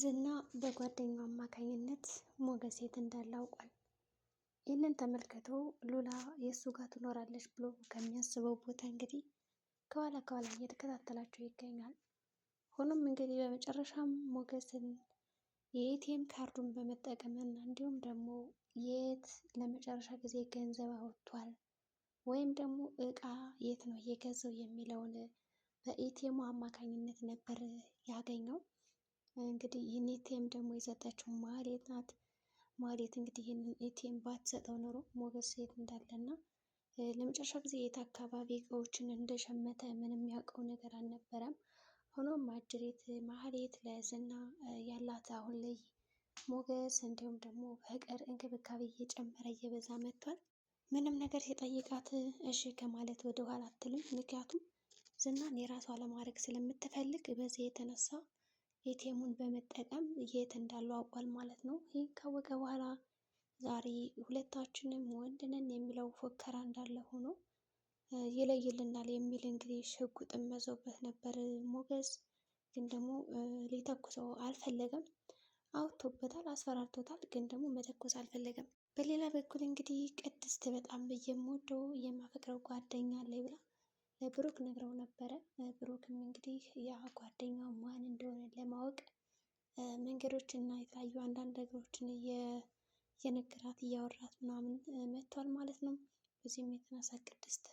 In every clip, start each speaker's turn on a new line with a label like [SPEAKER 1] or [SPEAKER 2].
[SPEAKER 1] ዝና በጓደኛው አማካኝነት ሞገስ የት እንዳለ አውቋል። ይህንን ተመልክቶ ሉላ የእሱ ጋር ትኖራለች ብሎ ከሚያስበው ቦታ እንግዲህ ከኋላ ከኋላ እየተከታተላቸው ይገኛል። ሆኖም እንግዲህ በመጨረሻም ሞገስን የኤቲኤም ካርዱን በመጠቀም እና እንዲሁም ደግሞ የት ለመጨረሻ ጊዜ ገንዘብ አውጥቷል ወይም ደግሞ እቃ የት ነው የገዛው የሚለውን በኤቲኤሙ አማካኝነት ነበር ያገኘው። እንግዲህ ይህን ኤቲኤም ደግሞ የሰጠችው ማህሌት ናት። ማህሌት እንግዲህ ይህንን ኤቲኤም ባትሰጠው ኖሮ ሞገስ የት እንዳለና ለመጨረሻ ጊዜ የት አካባቢ እቃዎችን እንደሸመተ ምንም ያውቀው ነገር አልነበረም። ሆኖም አጅሬት ማህሌት ለዝና ያላት አሁን ላይ ሞገስ እንዲሁም ደግሞ ፍቅር እንክብካቤ እየጨመረ እየበዛ መጥቷል። ምንም ነገር ሲጠይቃት እሺ ከማለት ወደኋላ አትልም። ምክንያቱም ዝናን የራሷ ለማድረግ ስለምትፈልግ በዚህ የተነሳ ኤቲኤሙን በመጠቀም የት እንዳሉ አውቋል ማለት ነው። ይህ ካወቀ በኋላ ዛሬ ሁለታችንም ወንድ ነን የሚለው ፎከራ እንዳለ ሆኖ ይለይልናል የሚል እንግዲህ ሽጉጥን መዘውበት ነበር ሞገስ። ግን ደግሞ ሊተኩሰው አልፈለገም። አውቶበታል፣ አስፈራርቶታል። ግን ደግሞ መተኮስ አልፈለገም። በሌላ በኩል እንግዲህ ቅድስት በጣም የምወደው የማፈቅረው ጓደኛ አለኝ ብላ ብሩክ ነግረው ነበረ። ብሩክም እንግዲህ ያ ጓደኛው ማን እንደሆነ ለማወቅ መንገዶች እና የተለያዩ አንዳንድ ነገሮችን እየነገራት እያወራት ምናምን መጥቷል ማለት ነው። በዚህም የተነሳ ቅድስት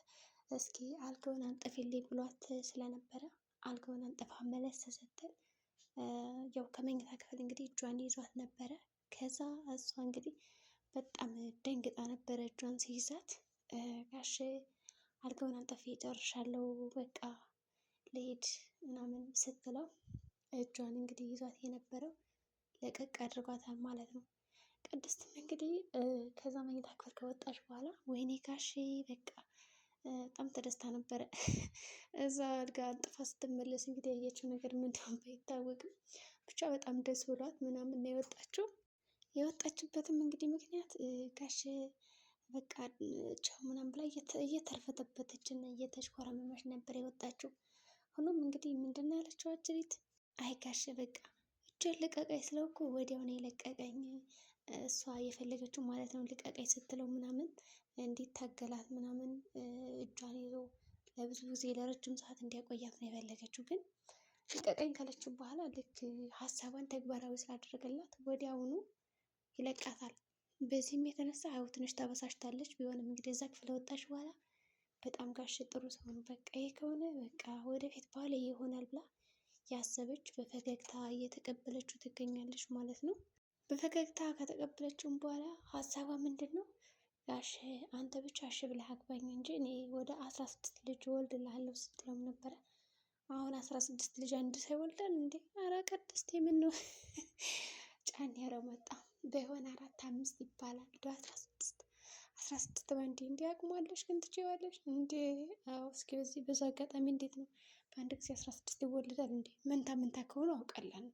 [SPEAKER 1] እስኪ አልጋውን አንጥፊልኝ ብሏት ስለነበረ አልጋውን አንጥፋ መለስ ስትል ያው ከመኝታ ክፍል እንግዲህ እጇን ይዟት ነበረ። ከዛ እሷ እንግዲህ በጣም ደንግጣ ነበረ እጇን ሲይዛት ጋሼ አልጋውን አንጥፌ ጨርሻለሁ በቃ ልሂድ ምናምን ስትለው እጇን እንግዲህ ይዟት የነበረው ለቀቅ አድርጓታል ማለት ነው። ቅድስትም እንግዲህ ከዛ መኝታ ክፍል ከወጣች በኋላ ወይኔ ጋሼ በቃ በጣም ተደስታ ነበረ። እዛ አልጋ አንጥፋ ስትመለስ እንግዲህ ያየችው ነገር ምን እንደሆነ ባይታወቅም ብቻ በጣም ደስ ብሏት ምናምን የወጣችው። የወጣችበትም እንግዲህ ምክንያት ጋሼ በቃ ቻው ምናምን ብላ እየተርፈተበተች እና እየተሽኮረመመች ነበር የወጣችው። ሆኖም እንግዲህ ምንድን ያለችው አጅሪት አይጋሽ በቃ እጇን ልቀቀኝ ስለው እኮ ወዲያው የለቀቀኝ። እሷ የፈለገችው ማለት ነው ልቀቀኝ ስትለው ምናምን እንዲታገላት ምናምን እጇን ይዞ ለብዙ ጊዜ ለረጅም ሰዓት እንዲያቆያት ነው የፈለገችው። ግን ልቀቀኝ ካለችው በኋላ ልክ ሀሳቧን ተግባራዊ ስላደረገላት ወዲያውኑ ይለቃታል። በዚህም የተነሳ ሀይው ትንሽ ተበሳሽታለች። ቢሆንም እንግዲህ እዛ ክፍለ ወጣች በኋላ በጣም ጋሽ ጥሩ ሰው ነው፣ በቃ ይሄ ከሆነ በቃ ወደፊት ባለ ይሆናል ብላ ያሰበች በፈገግታ እየተቀበለችው ትገኛለች ማለት ነው። በፈገግታ ከተቀበለችውም በኋላ ሀሳቧ ምንድን ነው? ጋሽ አንተ ብቻ እሺ ብለህ አግባኝ እንጂ እኔ ወደ አስራ ስድስት ልጅ እወልድልሃለሁ ስትለውም ነበረ። አሁን አስራ ስድስት ልጅ አንድ ሰው ይወልዳል እንዴ? አረ ቅድስት የምን ነው ጫን ያረመጣ በሆነ አራት አምስት ይባላል። እንደ አስራ ስድስት አስራ ስድስት በአንዴ እንዲ አቅሟለሽ ግን ትችያለሽ እንዴ? አዎ እስኪ በዚህ ብዙ አጋጣሚ እንዴት ነው በአንድ ጊዜ አስራ ስድስት ይወለዳል እንዴ? መንታ መንታ ከሆኑ አውቃለሁ።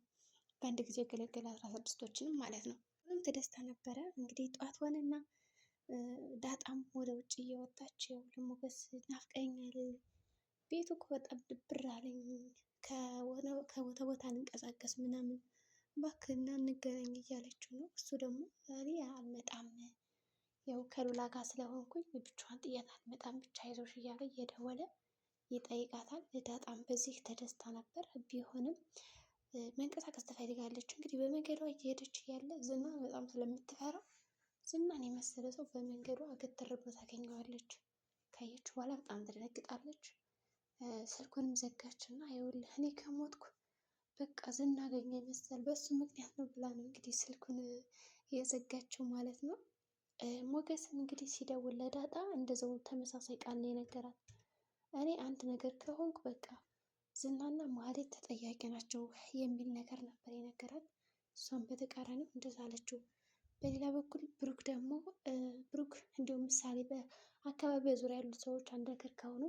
[SPEAKER 1] በአንድ ጊዜ የገለገለ አስራ ስድስቶችንም ማለት ነው። ሁሉም ተደስታ ነበረ። እንግዲህ ጠዋት ሆነና ዳጣም ወደ ውጭ እየወጣች ለሞገስ ናፍቀኛል፣ ቤቱ እኮ በጣም ድብር አለኝ ከቦታ ቦታ ልንቀሳቀስ ምናምን እባክህ ና እንገናኝ እያለችው ነው። እሱ ደግሞ እኔ አልመጣም ያው ከሉላ ጋር ስለሆንኩኝ ብቻዋን ጥያት አልመጣም ብቻ ይዞሽ እያለ እየደወለ ይጠይቃታል። ዳጣም በዚህ ተደስታ ነበር። ቢሆንም መንቀሳቀስ ትፈልጋለች። እንግዲህ በመንገዷ እየሄደች እያለ ዝናን በጣም ስለምትፈራ ዝናን የመሰለ ሰው በመንገዷ ግትር ብሎ ታገኘዋለች። ካየች በኋላ በጣም ትደነግጣለች። ስልኩንም ዘጋች እና ይኸውልህ እኔ ከሞትኩ በቃ ዝናገኘ ይመስላል በሱ ምክንያት ነው ብላ ነው እንግዲህ ስልኩን የዘጋችው ማለት ነው። ሞገስም እንግዲህ ሲደውል ለዳጣ እንደዛው ተመሳሳይ ቃል ነው የነገራት። እኔ አንድ ነገር ከሆንኩ በቃ ዝናና ማህሌት ተጠያቂ ናቸው የሚል ነገር ነበር የነገራት። እሷም በተቃራኒው እንደዛ አለችው። በሌላ በኩል ብሩክ ደግሞ ብሩክ እንዲሁም ምሳሌ በአካባቢ ዙሪያ ያሉ ሰዎች አንድ ነገር ከሆኑ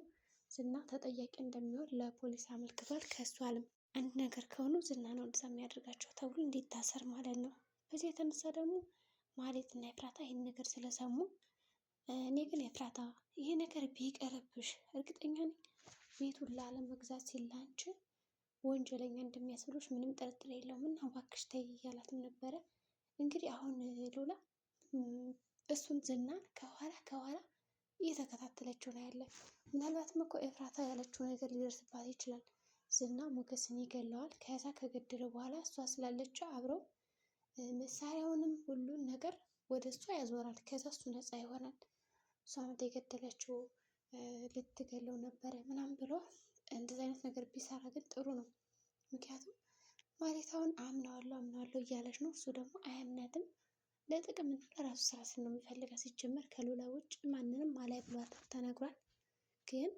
[SPEAKER 1] ዝና ተጠያቂ እንደሚሆን ለፖሊስ አመልክቷል። ከሷልም አንድ ነገር ከሆኑ ዝና ነው እንደዛ የሚያደርጋቸው ተብሎ እንዲታሰር ማለት ነው። በዚህ የተነሳ ደግሞ እና ኤፍራታ ይህን ነገር ስለሰሙ እኔ ግን ኤፍራታ ይሄ ነገር ቢቀርብሽ እርግጠኛ ነኝ ቤቱን ላለመግዛት ሲል ላንቺ ወንጀለኛ እንደሚያስብሎች ምንም ጥርጥር የለውም እና እባክሽ ተይ እያላትም ነበረ። እንግዲህ አሁን ሉላ እሱን ዝናን ከኋላ ከኋላ እየተከታተለችው ነው ያለ። ምናልባትም እኮ ኤፍራታ ያለችው ነገር ሊደርስባት ይችላል። ዝና ሞገስን ይገለዋል። ከዛ ከገደለ በኋላ እሷ ስላለችው አብረው መሳሪያውንም ሁሉን ነገር ወደ እሷ ያዞራል። ከዛ እሱ ነፃ ይሆናል። እሷ ናት የገደለችው ልትገለው ነበረ ምናምን ብሎ እንደዚ አይነት ነገር ቢሰራ ግን ጥሩ ነው። ምክንያቱም ማለት አሁን አምነዋለሁ አምነዋለሁ እያለች ነው፣ እሱ ደግሞ አያምነትም ለጥቅም ለራሱ ስራ ስል ነው የሚፈልጋ ሲጀመር ከሉላ ውጭ ማንንም አላይ ብሏት ተነግሯል። ግን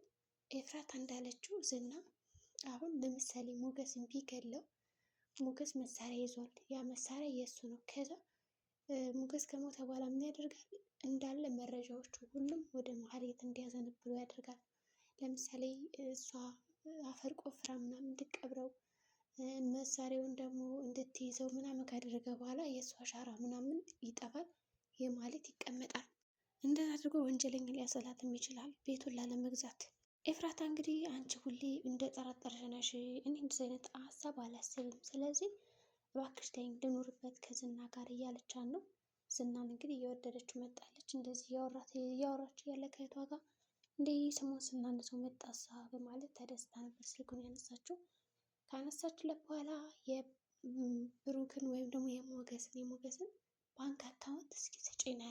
[SPEAKER 1] ኤፍራት እንዳለችው ዝና አሁን ለምሳሌ ሞገስን ቢገለው ሞገስ መሳሪያ ይዟል። ያ መሳሪያ የእሱ ነው። ከዛ ሞገስ ከሞተ በኋላ ምን ያደርጋል? እንዳለ መረጃዎቹ ሁሉም ወደ መሀሌት እንዲያዘነብሉ ያደርጋል። ለምሳሌ እሷ አፈር ቆፍራ ምናምን እንድትቀብረው መሳሪያውን ደግሞ እንድትይዘው ምናምን ካደረገ በኋላ የእሷ አሻራ ምናምን ይጠፋል። ይህ ማለት ይቀመጣል። እንደዛ አድርጎ ወንጀለኛ ሊያሰላትም ይችላል ቤቱን ላለመግዛት ኤፍራታ እንግዲህ አንቺ ሁሌ እንደጠረጠርሽ ነሽ፣ እኔ እንደዚህ አይነት ሀሳብ አላስብም፣ ስለዚህ እባክሽ ተይኝ ልኖርበት ከዝና ጋር እያለቻት ነው። ዝናን እንግዲህ እየወደደችው መጣለች። እንደዚህ እያወራች ያለ ከእህቷ ጋር እንደ ስሟን ስናነሰው መጣሳ በማለት ተደስታ ነበር ስልኩን ያነሳችው። ካነሳችለት በኋላ የብሩክን ወይም ደግሞ የሞገስን የሞገስን ባንክ አካውንት እስኪ ስጪኝ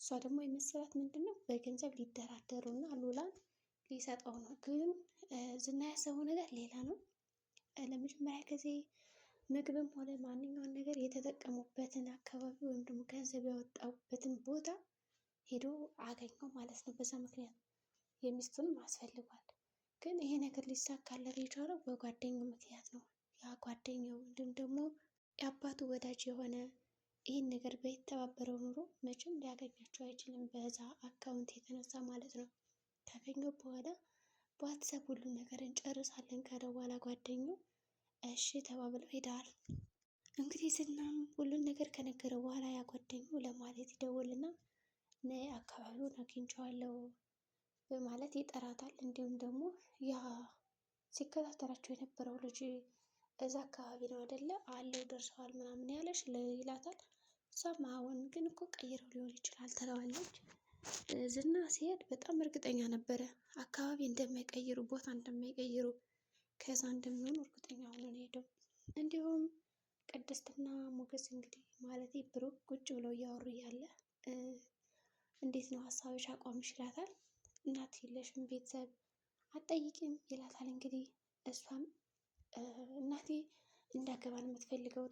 [SPEAKER 1] እሷ ደግሞ የመሰላት ምንድን ነው በገንዘብ ሊደራደሩ እና ሉላን ሊሰጠው ነው። ግን ዝና ያሰበው ነገር ሌላ ነው። ለመጀመሪያ ጊዜ ምግብም ሆነ ማንኛውን ነገር የተጠቀሙበትን አካባቢ ወይም ደግሞ ገንዘብ ያወጣበትን ቦታ ሄዶ አገኘው ማለት ነው። በዛ ምክንያት የሚስቱንም አስፈልጓል። ግን ይሄ ነገር ሊሳካለት የቻለው በጓደኛው ምክንያት ነው። ያ ጓደኛው ወይም ደግሞ የአባቱ ወዳጅ የሆነ ይህን ነገር በተባበረው ኑሮ መቼም ሊያገኛቸው አይችልም፣ በዛ አካውንት የተነሳ ማለት ነው። ካገኘው በኋላ በዋትሳፕ ሁሉም ነገር እንጨርሳለን ካለ በኋላ ጓደኛው እሺ ተባብለው ሄደዋል። እንግዲህ ዝናም ሁሉን ነገር ከነገረው በኋላ ያ ጓደኛው ለማለት ይደውልና ነይ አካባቢውን አግኝቼዋለሁ በማለት ይጠራታል። እንዲሁም ደግሞ ያ ሲከታተላቸው የነበረው ልጅ እዛ አካባቢ ነው አደለ አለው ደርሰዋል ምናምን ያለሽ ይላታል። እሷም አሁን ግን እኮ ቀይረው ሊሆን ይችላል ትለዋለች። ዝና ሲሄድ በጣም እርግጠኛ ነበረ። አካባቢ እንደማይቀይሩ፣ ቦታ እንደማይቀይሩ ከዛ እንደሚሆኑ እርግጠኛ ሆኖ ነው እንዲሁም ቅድስትና ሞገስ እንግዲህ ማለት ብሩክ ቁጭ ብለው እያወሩ እያለ እንዴት ነው ሀሳብሽ አቋምሽ ይላታል። እናት የለሽም ቤተሰብ አጠይቂም ይላታል። እንግዲህ እሷም እናቴ እንዳገባን የምትፈልገው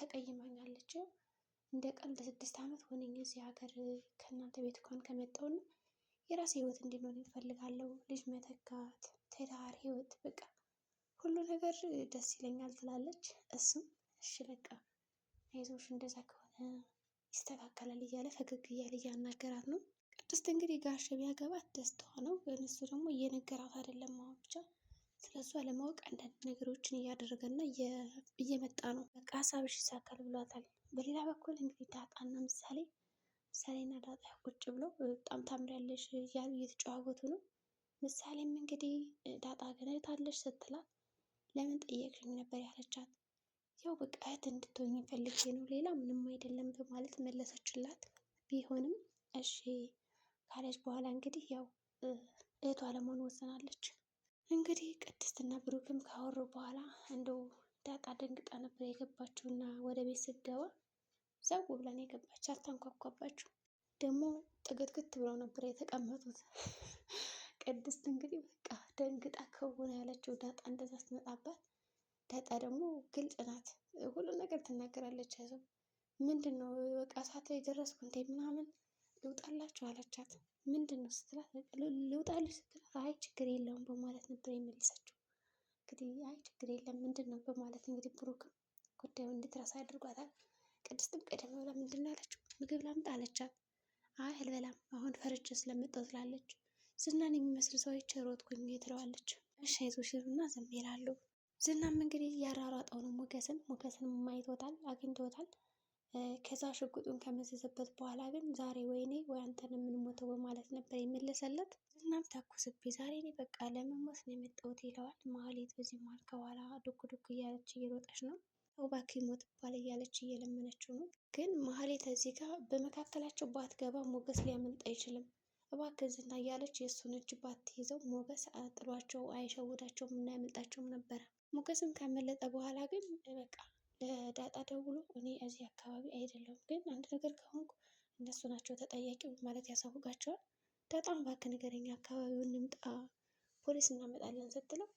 [SPEAKER 1] ተቀይማኛለች እንደ ቀልድ ስድስት ዓመት ሆነኝ እዚህ ሀገር ከእናንተ ቤት እንኳን ከመጣሁና የራሴ ህይወት እንዲኖር እፈልጋለሁ። ልጅ መተካት፣ ትዳር፣ ህይወት በቃ ሁሉ ነገር ደስ ይለኛል ትላለች። እሱም እሺ በቃ አይዞሽ እንደዛ ከሆነ ይስተካከላል እያለ ፈገግ እያለ እያናገራት ነው። ቅድስት እንግዲህ ጋሸ ቢያገባት ደስታዋ ነው። እሱ ደግሞ እየነገራት አይደለም። አሁን ብቻ ስለሷ ለማወቅ አንዳንድ ነገሮችን እያደረገ እየመጣ ነው። በቃ ሀሳብሽ ይሳካል ብሏታል። በሌላ በኩል እንግዲህ ዳጣና ምሳሌ ምሳሌና ዳጣ ቁጭ ብሎ በጣም ታምሪያለሽ እያሉ እየተጨዋወቱ ነው። ምሳሌም እንግዲህ ዳጣ ገነታለሽ ስትላት ለምን ጠየቅሽኝ ነበር ያለቻት። ያው በቃ እህት እንድትሆኝ ፈልጌ ነው ሌላ ምንም አይደለም በማለት መለሰችላት። ቢሆንም እሺ ካለች በኋላ እንግዲህ ያው እህቷ ለመሆን ወሰናለች። እንግዲህ ቅድስትና ብሩክም ካወሩ በኋላ እንደው ዳጣ ደንግጣ ነበር የገባችው እና ወደ ቤት ስትገባ ዘው ብላ ነው የገባች። አታንኳኳባችሁ ደግሞ ጥግትግት ብለው ነበር የተቀመጡት። ቅድስት እንግዲህ በቃ ደንግጣ ከሆነ ያለችው ዳጣ እንደዛ ስትመጣባት፣ ዳጣ ደግሞ ግልጽ ናት፣ ሁሉን ነገር ትናገራለች። ያዘው ምንድን ነው በቃ ሰዓት ላይ ደረስኩ እንዴ ምናምን ልውጣላችሁ አለቻት። ምንድን ነው ስትላት ልውጣልሽ ስትላት አይ ችግር የለውም በማለት ነበር የመለሰችው። እንግዲህ አይ ችግር የለም ምንድን ነው በማለት እንግዲህ ብሩክም ጉዳዩን እንድትረሳ አድርጓታል። ቅድስትም ቀደም ብላ ምንድን ነው ምግብ ላምጣ አለቻት። አይ አልበላም አሁን ፈርቼ ስለመጣሁ ትላለች። ዝናን የሚመስል ሰው አይቼ ሮጥኩኝ ትለዋለች። እሺ አይዞሽ እና ዝም ይላሉ። ዝናም እንግዲህ ነው ሞገስን ሞገስን ማይቶታል አግኝቶታል። ከዛ ሽጉጡን ከመዘዘበት በኋላ ግን ዛሬ ወይኔ ወይ ነው የምንሞተው በማለት ነበር የመለሰለት። እናም ተኩስቤ ዛሬ እኔ በቃ ለመሞት ነው የመጣሁት ይለዋል። መሀሌት በዚህ መሀል ከኋላ ዱክ ዱክ እያለች እየሮጠች ነው። እባክህ ሞት ባል እያለች እየለመነችው ነው። ግን መሀሌት እዚህ ጋር በመካከላቸው ባትገባ ሞገስ ሊያመልጥ አይችልም። እባክህ ዝና እያለች የእሱን እጅ ባትይዘው ሞገስ አጥሯቸው አይሸውዳቸውም ያመልጣቸውም ነበረ። ሞገስም ካመለጠ በኋላ ግን በቃ ለዳጣ ደውሎ እኔ እዚህ አካባቢ አይደለሁም፣ ግን አንድ ነገር ከሆንኩ እነሱ ናቸው ተጠያቂው ማለት ያሳውቃቸዋል። ዳጣም እባክህ ንገረኝ፣ አካባቢውን እንምጣ፣ ፖሊስ እናመጣለን ስትለው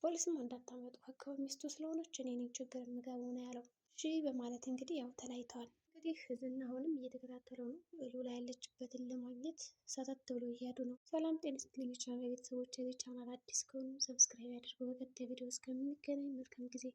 [SPEAKER 1] ፖሊስም እንዳታመጡ አካባቢ ሚስቱ ስለሆነች እኔ ነኝ ችግር የምገባው ነው ያለው። እሺ በማለት እንግዲህ ያው ተለያይተዋል። እንግዲህ ዝና አሁንም እየተከታተለው ነው። ሉላ ያለችበትን ለማግኘት ሰተት ብሎ እያዱ ነው። ሰላም ጤና ይስጥልኝ ቤተሰቦች፣ ቻናል አዲስ ከሆኑ ሰብስክራይብ ያድርጉ። በቀጣይ ቪዲዮ እስከምንገናኝ መልካም ጊዜ